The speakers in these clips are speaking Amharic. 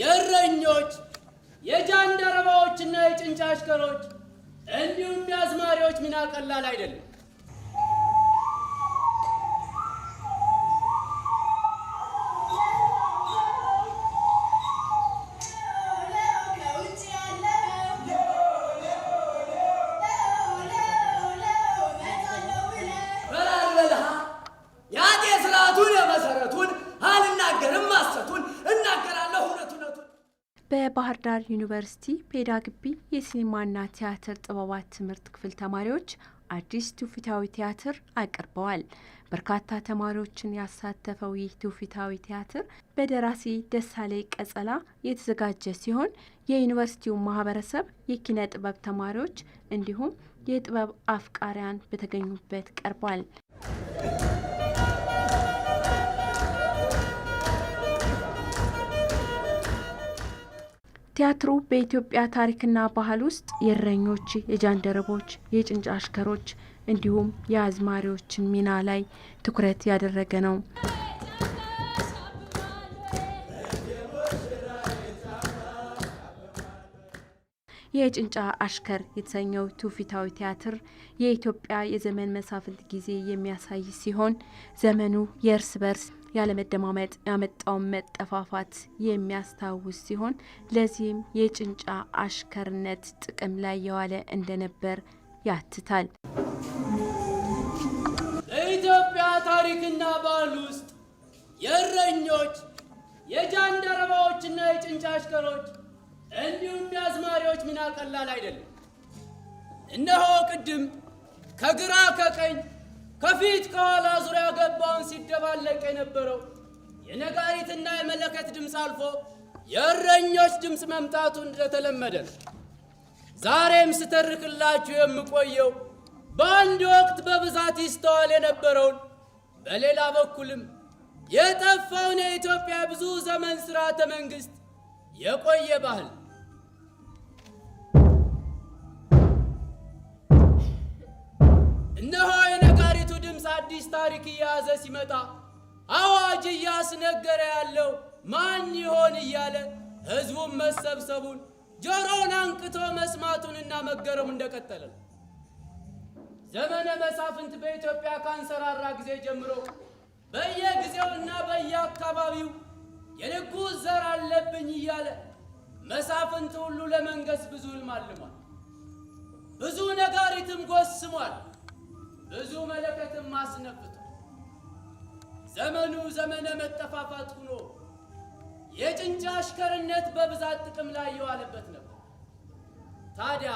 የእረኞች የጃንደረባዎችና የጭንጫ አሽከሮች እንዲሁም የአዝማሪዎች ሚና ቀላል አይደለም። ባህር ዩኒቨርሲቲ ፔዳ ግቢ የሲኒማና ቲያትር ጥበባት ትምህርት ክፍል ተማሪዎች አዲስ ትውፊታዊ ቲያትር አቅርበዋል። በርካታ ተማሪዎችን ያሳተፈው ይህ ትውፊታዊ ቲያትር በደራሲ ደሳሌ ቀጸላ የተዘጋጀ ሲሆን የዩኒቨርሲቲው ማህበረሰብ፣ የኪነ ጥበብ ተማሪዎች እንዲሁም የጥበብ አፍቃሪያን በተገኙበት ቀርቧል። ቲያትሩ በኢትዮጵያ ታሪክና ባህል ውስጥ የእረኞች፣ የጃንደረቦች፣ የጭንጫ አሽከሮች እንዲሁም የአዝማሪዎችን ሚና ላይ ትኩረት ያደረገ ነው። የጭንጫ አሽከር የተሰኘው ትውፊታዊ ቲያትር የኢትዮጵያ የዘመን መሳፍንት ጊዜ የሚያሳይ ሲሆን ዘመኑ የእርስ በርስ ያለመደማመጥ ያመጣውን መጠፋፋት የሚያስታውስ ሲሆን ለዚህም የጭንጫ አሽከርነት ጥቅም ላይ የዋለ እንደነበር ያትታል። በኢትዮጵያ ታሪክና ባህል ውስጥ የእረኞች የጃንደረባዎችና የጭንጫ አሽከሮች እንዲሁም የአዝማሪዎች ሚና ቀላል አይደለም። እነሆ ቅድም ከግራ ከቀኝ ከፊት ከኋላ ዙሪያ ገባውን ሲደባለቅ የነበረው የነጋሪትና የመለከት ድምፅ አልፎ የእረኞች ድምፅ መምጣቱ እንደተለመደ ነው። ዛሬም ስተርክላችሁ የምቆየው በአንድ ወቅት በብዛት ይስተዋል የነበረውን በሌላ በኩልም የጠፋውን የኢትዮጵያ ብዙ ዘመን ስርዓተ መንግሥት የቆየ ባህል አዲስ ታሪክ እየያዘ ሲመጣ አዋጅ እያስነገረ ያለው ማን ይሆን እያለ ህዝቡን መሰብሰቡን ጆሮውን አንቅቶ መስማቱንና መገረሙ እንደቀጠለ ነው። ዘመነ መሳፍንት በኢትዮጵያ ካንሰራራ ጊዜ ጀምሮ በየጊዜውና በየአካባቢው የንጉሥ ዘር አለብኝ እያለ መሳፍንት ሁሉ ለመንገስ ብዙ ህልም አልሟል፣ ብዙ ነጋሪትም ጎስሟል። ብዙ መለከትም አስነፍቶ ዘመኑ ዘመነ መጠፋፋት ሆኖ የጭንጫ አሽከርነት በብዛት ጥቅም ላይ የዋለበት ነበር። ታዲያ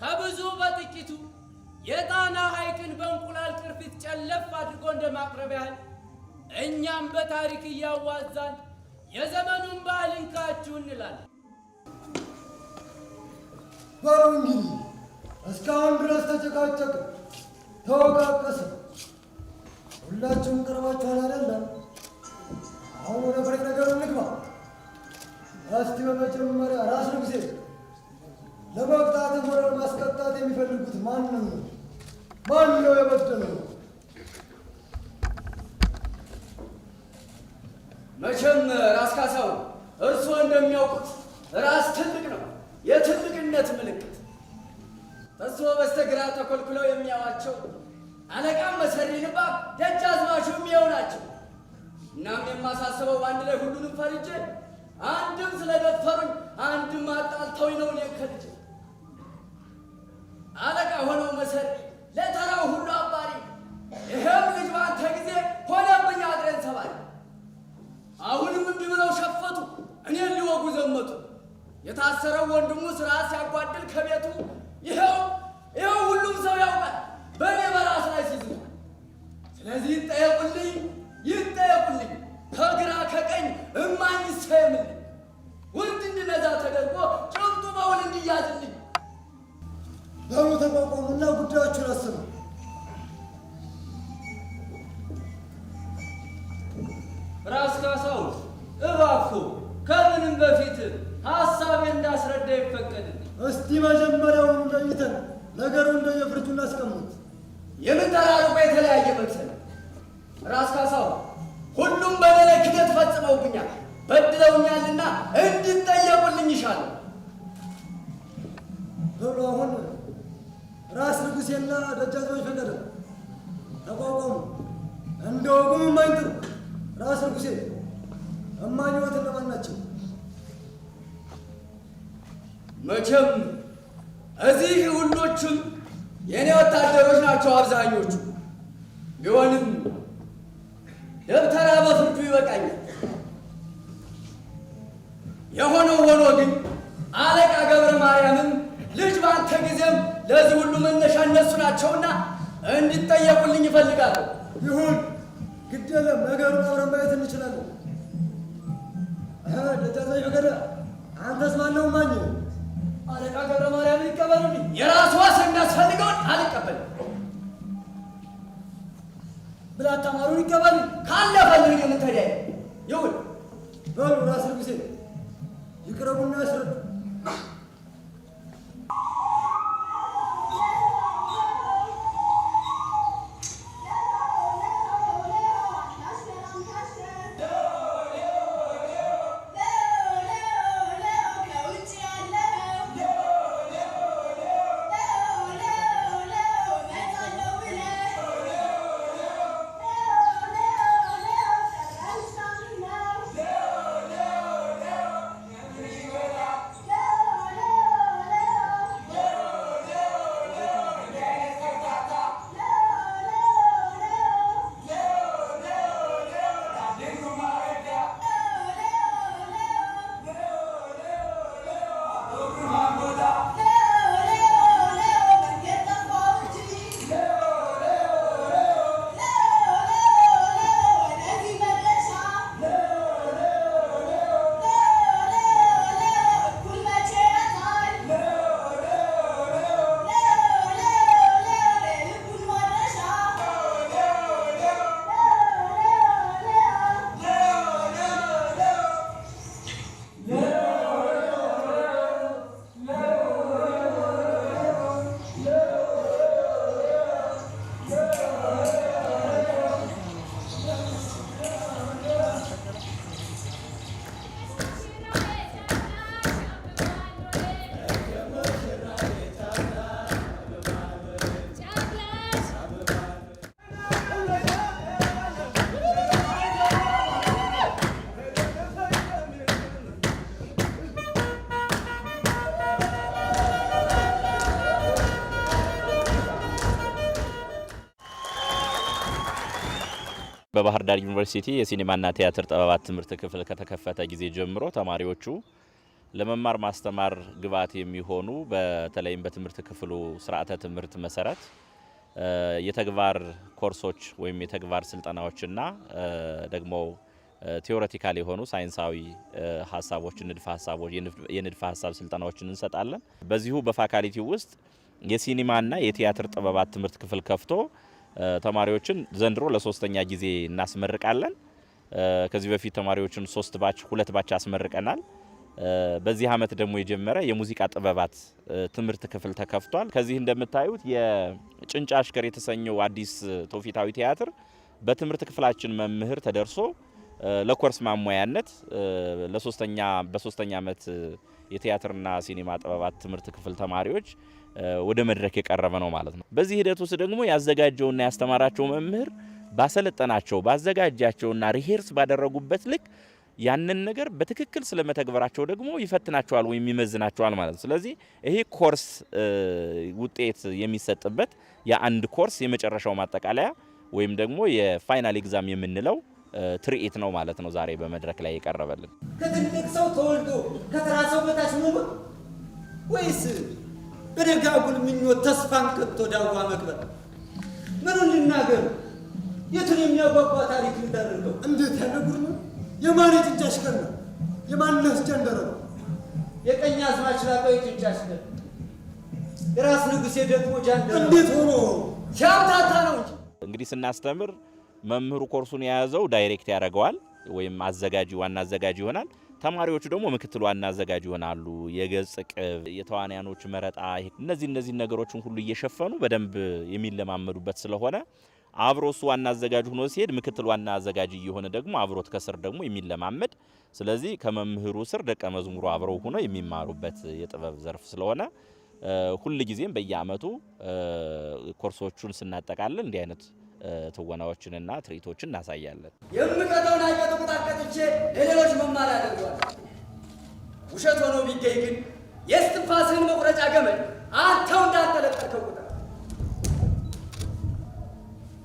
ከብዙ በጥቂቱ የጣና ሐይቅን በእንቁላል ቅርፊት ጨለፍ አድርጎ እንደማቅረብ ያህል እኛም በታሪክ እያዋዛን የዘመኑን ባህል እንካችሁ እንላለን። በሩ እንግዲህ እስካሁን ድረስ ተጨቃጨቅን። ተወቃቀሰ። ሁላችሁም ቀርባችኋል አይደለም? አሁን ወደ ፍሬ ነገሩ እንግባ። እስቲ በመጀመሪያ ራስን ጊዜ ለመቅጣትም ሆነ ማስቀጣት የሚፈልጉት ማንም ነው? ማን ነው የበደለው? መቼም ራስ ካሳው እርስዎ እንደሚያውቁት ራስ ትልቅ ነው፣ የትልቅነት ምልክት እርስዎ በስተግራ ተኮልኩለው የሚያዋቸው አለቃም መሰሪ ልባብ ደጃዝማቹ የሚየው ናቸው። እናም የማሳስበው በአንድ ላይ ሁሉንም ፈርጄ አንድም ስለደፈሩኝ አንድም አጣልተውኝ ነው እኔን ከልጄ አለቃ ሆነው መሰሪ ራስ ካሳሁን እባክዎ ከምንም በፊት ሀሳቤ እንዳስረዳ ይፈቀድልኝ። እስቲ መጀመሪያውኑ ለይተን ነገሩ እንደየፍርጁ እናስቀምጥ። የምንጠራሩባ የተለያየ መክሰል ራስ ካሳሁን ሁሉም በደለ ክደት ፈጽመውብኛል፣ በድለውኛልና እንዲጠየቁልኝ ይሻለሁ ብሎ አሁን ራስ ንጉሴና ደጃዝማች ፈለደ ተቋቋሙ እንደ ወጉም የማይጥሩ ራስ ንጉሴ እማኝ ሕይወት እነማን ናቸው? መቼም እዚህ ሁሎችም የእኔ ወታደሮች ናቸው አብዛኞቹ። ቢሆንም ደብተራ በፍርዱ ይበቃኛል። የሆነው ሆኖ ግን አለቃ ገብረ ማርያምም ልጅ በአንተ ጊዜም ለዚህ ሁሉ መነሻ እነሱ ናቸውና እንዲጠየቁልኝ ይፈልጋሉ። ይሁን ግድ የለም ነገሩን አብረን ማየት እንችላለን። ደጃዝማች ፈቀደ አንተስ ማነው? ማኝ አለቃ ገብረ ማርያም ይቀበሉ። የራሱ ዋስ የሚያስፈልገውን አልቀበል ብላ አታማሩን ይቀበሉ። ካለፈልግ የምንተዳይ ይሁን በሉ ራስ ጊዜ ይቅረቡና ያስረዱ በባህር ዳር ዩኒቨርሲቲ የሲኒማና ቲያትር ጥበባት ትምህርት ክፍል ከተከፈተ ጊዜ ጀምሮ ተማሪዎቹ ለመማር ማስተማር ግብዓት የሚሆኑ በተለይም በትምህርት ክፍሉ ስርዓተ ትምህርት መሰረት የተግባር ኮርሶች ወይም የተግባር ስልጠናዎችና ደግሞ ቴዎሬቲካል የሆኑ ሳይንሳዊ ሀሳቦች፣ ንድፈ ሀሳቦች፣ የንድፈ ሀሳብ ስልጠናዎችን እንሰጣለን። በዚሁ በፋካሊቲ ውስጥ የሲኒማና የቲያትር ጥበባት ትምህርት ክፍል ከፍቶ ተማሪዎችን ዘንድሮ ለሶስተኛ ጊዜ እናስመርቃለን። ከዚህ በፊት ተማሪዎችን ሶስት ባች፣ ሁለት ባች አስመርቀናል። በዚህ አመት ደግሞ የጀመረ የሙዚቃ ጥበባት ትምህርት ክፍል ተከፍቷል። ከዚህ እንደምታዩት የጭንጫ አሽከር የተሰኘው አዲስ ትውፊታዊ ቲያትር በትምህርት ክፍላችን መምህር ተደርሶ ለኮርስ ማሟያነት ለሶስተኛ በሶስተኛ አመት የቲያትርና ሲኒማ ጥበባት ትምህርት ክፍል ተማሪዎች ወደ መድረክ የቀረበ ነው ማለት ነው። በዚህ ሂደት ውስጥ ደግሞ ያዘጋጀውና ያስተማራቸው መምህር ባሰለጠናቸው ባዘጋጃቸውና ሪሄርስ ባደረጉበት ልክ ያንን ነገር በትክክል ስለመተግበራቸው ደግሞ ይፈትናቸዋል ወይም ይመዝናቸዋል ማለት ነው። ስለዚህ ይሄ ኮርስ ውጤት የሚሰጥበት የአንድ ኮርስ የመጨረሻው ማጠቃለያ ወይም ደግሞ የፋይናል ኤግዛም የምንለው ትርኢት ነው ማለት ነው ዛሬ በመድረክ ላይ የቀረበልን። ከትልቅ ሰው ተወልዶ ከተራ ሰው በታች መሆን ወይስ በደጋጉል ምኞት ተስፋን ከቶ ዳዋ መቅበር? ምኑን ልናገር? የቱን የሚያጓጓ ታሪክ እንዳደርገው? እንዴት ያለ ነው! የማን ጭንጫሽ ቀን ነው? የማን ነፍስ ጀንደረ ነው? የቀኝ አዝማች ላቀው ጭንጫሽ ቀን የራስ ንጉሴ ደግሞ ጃንደ እንዴት ሆኖ ሲያምታታ ነው እንጂ እንግዲህ ስናስተምር መምህሩ ኮርሱን የያዘው ዳይሬክት ያደርገዋል ወይም አዘጋጅ ዋና አዘጋጅ ይሆናል። ተማሪዎቹ ደግሞ ምክትል ዋና አዘጋጅ ይሆናሉ። የገጽ ቅብ፣ የተዋንያኖች መረጣ፣ እነዚህ እነዚህ ነገሮችን ሁሉ እየሸፈኑ በደንብ የሚለማመዱበት ስለሆነ አብሮ እሱ ዋና አዘጋጅ ሆኖ ሲሄድ ምክትል ዋና አዘጋጅ እየሆነ ደግሞ አብሮት ከስር ደግሞ የሚለማመድ ስለዚህ ከመምህሩ ስር ደቀ መዝሙሩ አብረው ሆኖ የሚማሩበት የጥበብ ዘርፍ ስለሆነ ጊዜም በየዓመቱ ኮርሶቹን ስናጠቃለን እንዲህ አይነት ትወናዎችንና ትርኢቶችን እናሳያለን። የምቀጠውን ሀይቀት ቁጣቀጥቼ ለሌሎች መማር ያደርገዋል። ውሸት ሆኖ ቢገኝ ግን የስትንፋስህን መቁረጫ ገመድ አንተው እንዳንጠለጠልከው ቁጣ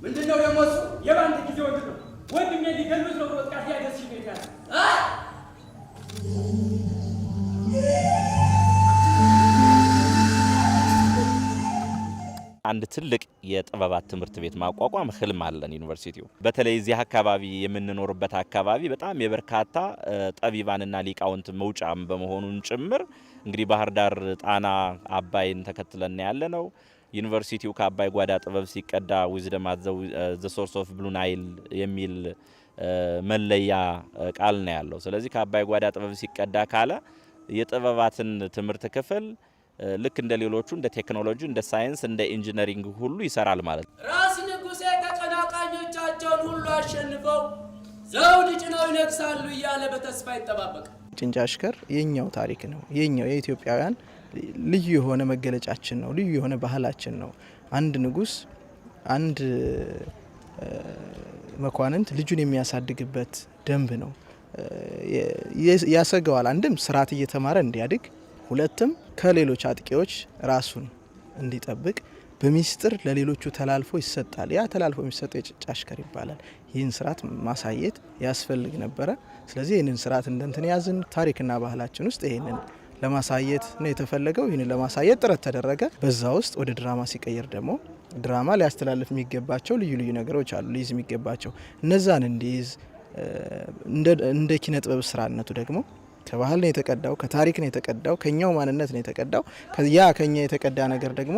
ምንድነው ደግሞ እሱ የባንድ ጊዜ ወንድ ነው ወንድሜ ሊገልብት ነው ሮጥቃት ያደስ ይገኛል አንድ ትልቅ የጥበባት ትምህርት ቤት ማቋቋም ህልም አለን። ዩኒቨርሲቲው በተለይ እዚህ አካባቢ የምንኖርበት አካባቢ በጣም የበርካታ ጠቢባንና ሊቃውንት መውጫም በመሆኑን ጭምር እንግዲህ ባህር ዳር ጣና አባይን ተከትለን ያለ ነው። ዩኒቨርሲቲው ከአባይ ጓዳ ጥበብ ሲቀዳ ዊዝደም አት ዘ ሶርስ ኦፍ ብሉ ናይል የሚል መለያ ቃል ነው ያለው። ስለዚህ ከአባይ ጓዳ ጥበብ ሲቀዳ ካለ የጥበባትን ትምህርት ክፍል ልክ እንደ ሌሎቹ እንደ ቴክኖሎጂ፣ እንደ ሳይንስ፣ እንደ ኢንጂነሪንግ ሁሉ ይሰራል ማለት ነው። ራስ ንጉሴ ተቀናቃኞቻቸውን ሁሉ አሸንፈው ዘውድ ጭነው ይነግሳሉ እያለ በተስፋ ይጠባበቃል። ጭንጫሽከር የኛው ታሪክ ነው። የኛው የኢትዮጵያውያን ልዩ የሆነ መገለጫችን ነው። ልዩ የሆነ ባህላችን ነው። አንድ ንጉስ አንድ መኳንንት ልጁን የሚያሳድግበት ደንብ ነው። ያሰገዋል። አንድም ስርዓት እየተማረ እንዲያድግ ሁለትም ከሌሎች አጥቂዎች ራሱን እንዲጠብቅ በሚስጥር ለሌሎቹ ተላልፎ ይሰጣል። ያ ተላልፎ የሚሰጠው የጭጭ አሽከር ይባላል። ይህን ስርዓት ማሳየት ያስፈልግ ነበረ። ስለዚህ ይህንን ስርዓት እንደንትን ያዝን ታሪክና ባህላችን ውስጥ ይህንን ለማሳየት ነው የተፈለገው። ይህንን ለማሳየት ጥረት ተደረገ። በዛ ውስጥ ወደ ድራማ ሲቀይር ደግሞ ድራማ ሊያስተላልፍ የሚገባቸው ልዩ ልዩ ነገሮች አሉ፣ ሊይዝ የሚገባቸው እነዛን እንዲይዝ እንደ ኪነ ጥበብ ስራነቱ ደግሞ ከባህል ነው የተቀዳው፣ ከታሪክ ነው የተቀዳው፣ ከኛው ማንነት ነው የተቀዳው። ያ ከኛ የተቀዳ ነገር ደግሞ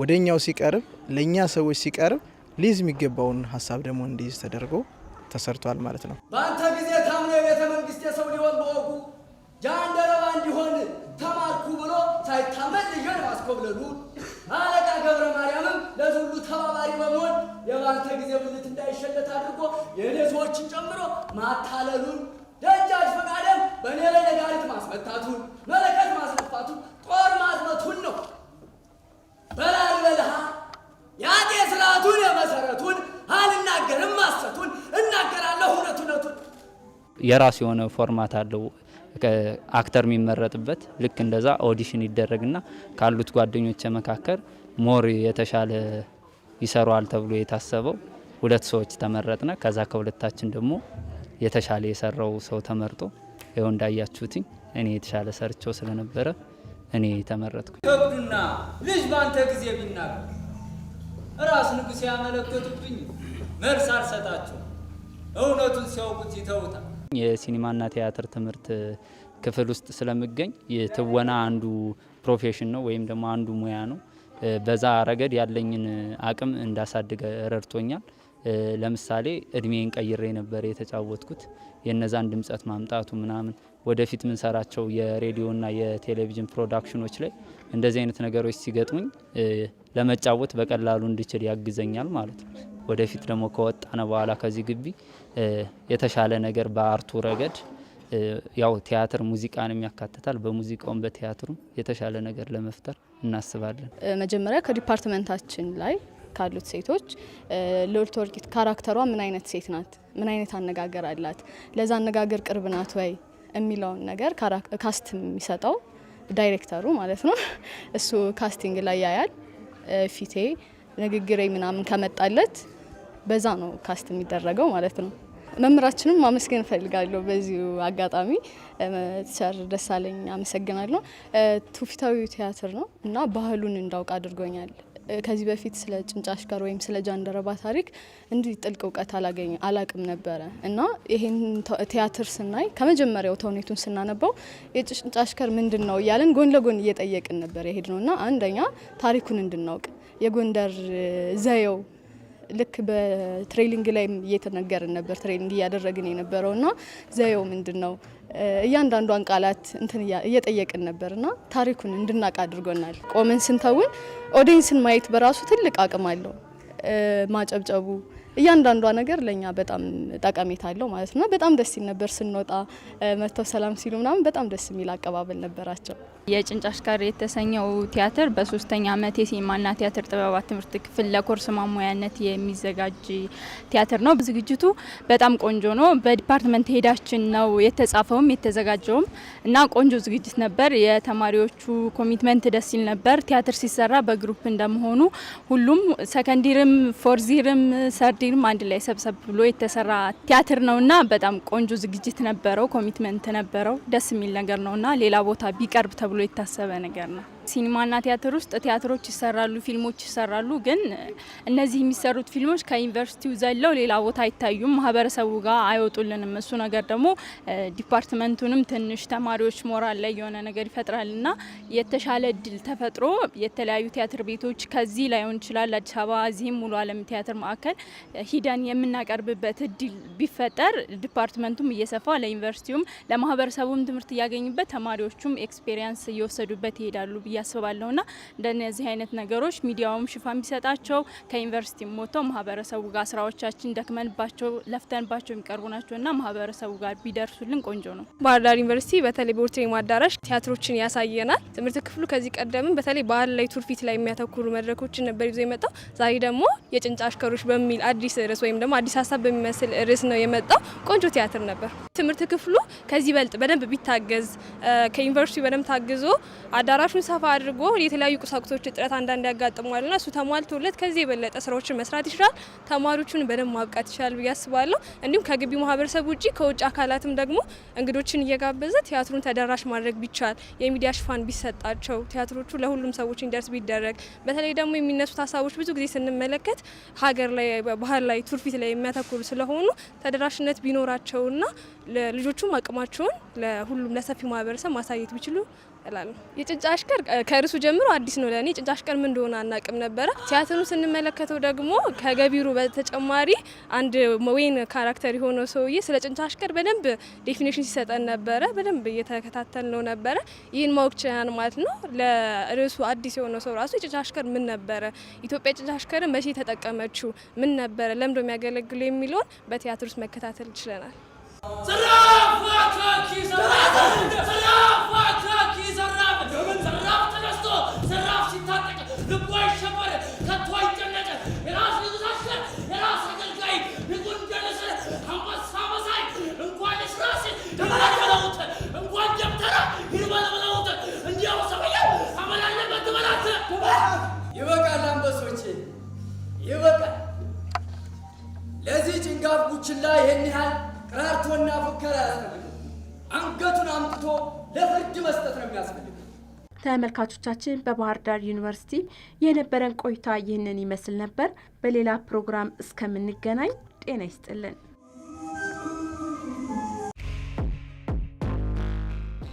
ወደኛው ሲቀርብ፣ ለእኛ ሰዎች ሲቀርብ ሊይዝ የሚገባውን ሀሳብ ደግሞ እንዲይዝ ተደርጎ ተሰርቷል ማለት ነው። በአንተ ጊዜ ታምኖ የቤተ መንግስት የሰው ሊሆን በወጉ ጃንደረባ እንዲሆን ተማርኩ ብሎ ሳይታመን ልጅን ማስኮብለሉ አለቃ ገብረ ማርያምም ለዚህ ተባባሪ በመሆን የባንተ ጊዜ ብልት እንዳይሸለት አድርጎ የእኔ ሰዎችን ጨምሮ ማታለሉን ደጃጅ በእኔ ላይ ነጋሪት ማስመታቱን፣ መለከት ማስነፋቱን፣ ጦር ማዝመቱን ነው። በልሃ ያጤ ስርዓቱን የመሰረቱን አልናገርም ማሰቱን እናገራለሁ እውነት እውነቱን። የራሱ የሆነ ፎርማት አለው አክተር የሚመረጥበት ልክ እንደዛ ኦዲሽን ይደረግና ካሉት ጓደኞች መካከል ሞር የተሻለ ይሰሯል ተብሎ የታሰበው ሁለት ሰዎች ተመረጥና ከዛ ከሁለታችን ደግሞ የተሻለ የሰራው ሰው ተመርጦ ይኸው እንዳያችሁትኝ እኔ የተሻለ ሰርቸው ስለነበረ እኔ ተመረጥኩ። ከብዱና ልጅ በአንተ ጊዜ ቢናገር ራስ ንጉሥ ያመለከቱብኝ መልስ አልሰጣቸው፣ እውነቱን ሲያውቁት ይተውታል። የሲኒማና ቲያትር ትምህርት ክፍል ውስጥ ስለምገኝ የትወና አንዱ ፕሮፌሽን ነው ወይም ደግሞ አንዱ ሙያ ነው። በዛ ረገድ ያለኝን አቅም እንዳሳድገ ረድቶኛል። ለምሳሌ እድሜን ቀይሬ ነበር የተጫወትኩት። የነዛን ድምጸት ማምጣቱ ምናምን ወደፊት ምንሰራቸው የሬዲዮና የቴሌቪዥን ፕሮዳክሽኖች ላይ እንደዚህ አይነት ነገሮች ሲገጥሙኝ ለመጫወት በቀላሉ እንድችል ያግዘኛል ማለት ነው። ወደፊት ደግሞ ከወጣነ በኋላ ከዚህ ግቢ የተሻለ ነገር በአርቱ ረገድ ያው ቲያትር ሙዚቃንም ያካትታል። በሙዚቃውም በቲያትሩም የተሻለ ነገር ለመፍጠር እናስባለን። መጀመሪያ ከዲፓርትመንታችን ላይ ካሉት ሴቶች ልዕልት ወርቂት ካራክተሯ ምን አይነት ሴት ናት? ምን አይነት አነጋገር አላት? ለዛ አነጋገር ቅርብ ናት ወይ የሚለውን ነገር ካስት የሚሰጠው ዳይሬክተሩ ማለት ነው። እሱ ካስቲንግ ላይ ያያል። ፊቴ፣ ንግግሬ ምናምን ከመጣለት በዛ ነው ካስት የሚደረገው ማለት ነው። መምህራችንም ማመስገን እፈልጋለሁ በዚሁ አጋጣሚ ሰር ደሳለኝ አመሰግናለሁ። ትውፊታዊ ቲያትር ነው እና ባህሉን እንዳውቅ አድርጎኛል። ከዚህ በፊት ስለ ጭንጫሽ ጋር ወይም ስለ ጃንደረባ ታሪክ እንዲህ ጥልቅ እውቀት አላገኝ አላቅም ነበረ እና ይሄን ቲያትር ስናይ ከመጀመሪያው ተውኔቱን ስናነባው የጭንጫሽ ጋር ምንድን ነው እያለን ጎን ለጎን እየጠየቅን ነበር የሄድ ነው እና አንደኛ ታሪኩን እንድናውቅ የጎንደር ዘየው ልክ በትሬሊንግ ላይ እየተነገርን ነበር ትሬሊንግ እያደረግን የነበረው እና ዘየው ምንድን ነው እያንዳንዷን ቃላት እንትን እየጠየቅን ነበርና ታሪኩን እንድናቅ አድርጎናል። ቆመን ስንተውን ኦዲየንስን ማየት በራሱ ትልቅ አቅም አለው። ማጨብጨቡ እያንዳንዷ ነገር ለእኛ በጣም ጠቀሜታ አለው ማለት ነው። በጣም ደስ ሲል ነበር ስንወጣ መጥተው ሰላም ሲሉ ምናምን በጣም ደስ የሚል አቀባበል ነበራቸው። የጭንጫ አሽካሪ የተሰኘው ቲያትር በሶስተኛ ዓመት የሲኒማና ቲያትር ጥበባት ትምህርት ክፍል ለኮርስ ማሟያነት የሚዘጋጅ ቲያትር ነው። ዝግጅቱ በጣም ቆንጆ ነው። በዲፓርትመንት ሄዳችን ነው የተጻፈውም የተዘጋጀውም እና ቆንጆ ዝግጅት ነበር። የተማሪዎቹ ኮሚትመንት ደስ ሲል ነበር። ቲያትር ሲሰራ በግሩፕ እንደመሆኑ ሁሉም ሰከንዲርም፣ ፎርዚርም፣ ሰርዲርም አንድ ላይ ሰብሰብ ብሎ የተሰራ ቲያትር ነው እና በጣም ቆንጆ ዝግጅት ነበረው። ኮሚትመንት ነበረው። ደስ የሚል ነገር ነው እና ሌላ ቦታ ቢቀርብ ተብሎ ተብሎ የታሰበ ነገር ነው። ሲኒማና ቲያትር ውስጥ ቲያትሮች ይሰራሉ፣ ፊልሞች ይሰራሉ። ግን እነዚህ የሚሰሩት ፊልሞች ከዩኒቨርሲቲው ዘለው ሌላ ቦታ አይታዩም፣ ማህበረሰቡ ጋር አይወጡልንም። እሱ ነገር ደግሞ ዲፓርትመንቱንም ትንሽ ተማሪዎች ሞራል ላይ የሆነ ነገር ይፈጥራል እና የተሻለ እድል ተፈጥሮ የተለያዩ ቲያትር ቤቶች ከዚህ ላይሆን ይችላል አዲስ አበባ እዚህም ሙሉ አለም ቲያትር ማዕከል ሂደን የምናቀርብበት እድል ቢፈጠር ዲፓርትመንቱም እየሰፋ ለዩኒቨርሲቲውም ለማህበረሰቡም ትምህርት እያገኙበት ተማሪዎቹም ኤክስፔሪንስ እየወሰዱበት ይሄዳሉ ብዬ ብዬ አስባለሁ ና እንደነዚህ አይነት ነገሮች ሚዲያውም ሽፋን ቢሰጣቸው ከዩኒቨርሲቲ ሞተው ማህበረሰቡ ጋር ስራዎቻችን ደክመንባቸው ለፍተንባቸው የሚቀርቡ ናቸው ና ማህበረሰቡ ጋር ቢደርሱልን ቆንጆ ነው። ባህርዳር ዩኒቨርሲቲ በተለይ በኦዲቶሪየም አዳራሽ ቲያትሮችን ያሳየናል። ትምህርት ክፍሉ ከዚህ ቀደምም በተለይ ባህል ላይ ቱርፊት ላይ የሚያተኩሩ መድረኮችን ነበር ይዞ የመጣው። ዛሬ ደግሞ የጭንጫ አሽከሮች በሚል አዲስ ርዕስ ወይም ደግሞ አዲስ ሀሳብ በሚመስል ርዕስ ነው የመጣው። ቆንጆ ቲያትር ነበር። ትምህርት ክፍሉ ከዚህ በልጥ በደንብ ቢታገዝ ከዩኒቨርሲቲ በደንብ ታግዞ አዳራሹን ሰፋ አድርጎ የተለያዩ ቁሳቁሶች እጥረት አንዳንድ ና እሱ ተሟልቶለት ከዚህ የበለጠ ስራዎችን መስራት ይችላል። ተማሪዎቹን በደንብ ማብቃት ይችላል ብዬ አስባለሁ። እንዲሁም ከግቢ ማህበረሰብ ውጭ ከውጭ አካላትም ደግሞ እንግዶችን እየጋበዘ ቲያትሩን ተደራሽ ማድረግ ቢቻል፣ የሚዲያ ሽፋን ቢሰጣቸው፣ ቲያትሮቹ ለሁሉም ሰዎች እንዲደርስ ቢደረግ፣ በተለይ ደግሞ የሚነሱት ሀሳቦች ብዙ ጊዜ ስንመለከት ሀገር ላይ፣ ባህል ላይ፣ ትውፊት ላይ የሚያተኩሩ ስለሆኑ ተደራሽነት ቢኖራቸውና ልጆቹም አቅማቸውን ለሁሉም ለሰፊ ማህበረሰብ ማሳየት ቢችሉ እላለሁ። የጭንጫ አሽከር ከርሱ ጀምሮ አዲስ ነው ለእኔ። ጭንጫ አሽከር ምን እንደሆነ አናቅም ነበረ። ቲያትሩ ስንመለከተው ደግሞ ከገቢሩ በተጨማሪ አንድ ወይን ካራክተር የሆነው ሰውዬ ስለ ጭንጫ አሽከር በደንብ ዴፊኔሽን ሲሰጠን ነበረ። በደንብ እየተከታተል ነው ነበረ። ይህን ማወቅ ችላን ማለት ነው። ለርዕሱ አዲስ የሆነው ሰው ራሱ የጭንጫ አሽከር ምን ነበረ፣ ኢትዮጵያ የጭንጫ አሽከርን መቼ ተጠቀመችው፣ ምን ነበረ፣ ለምዶ የሚያገለግሉ የሚለውን በቲያትር ውስጥ መከታተል ችለናል። ሰራፍ ተነስቶ ሰራፍ ሲታጠቅ ልቦ አይሸበ ተመልካቾቻችን በባህር ዳር ዩኒቨርሲቲ የነበረን ቆይታ ይህንን ይመስል ነበር። በሌላ ፕሮግራም እስከምንገናኝ ጤና ይስጥልን።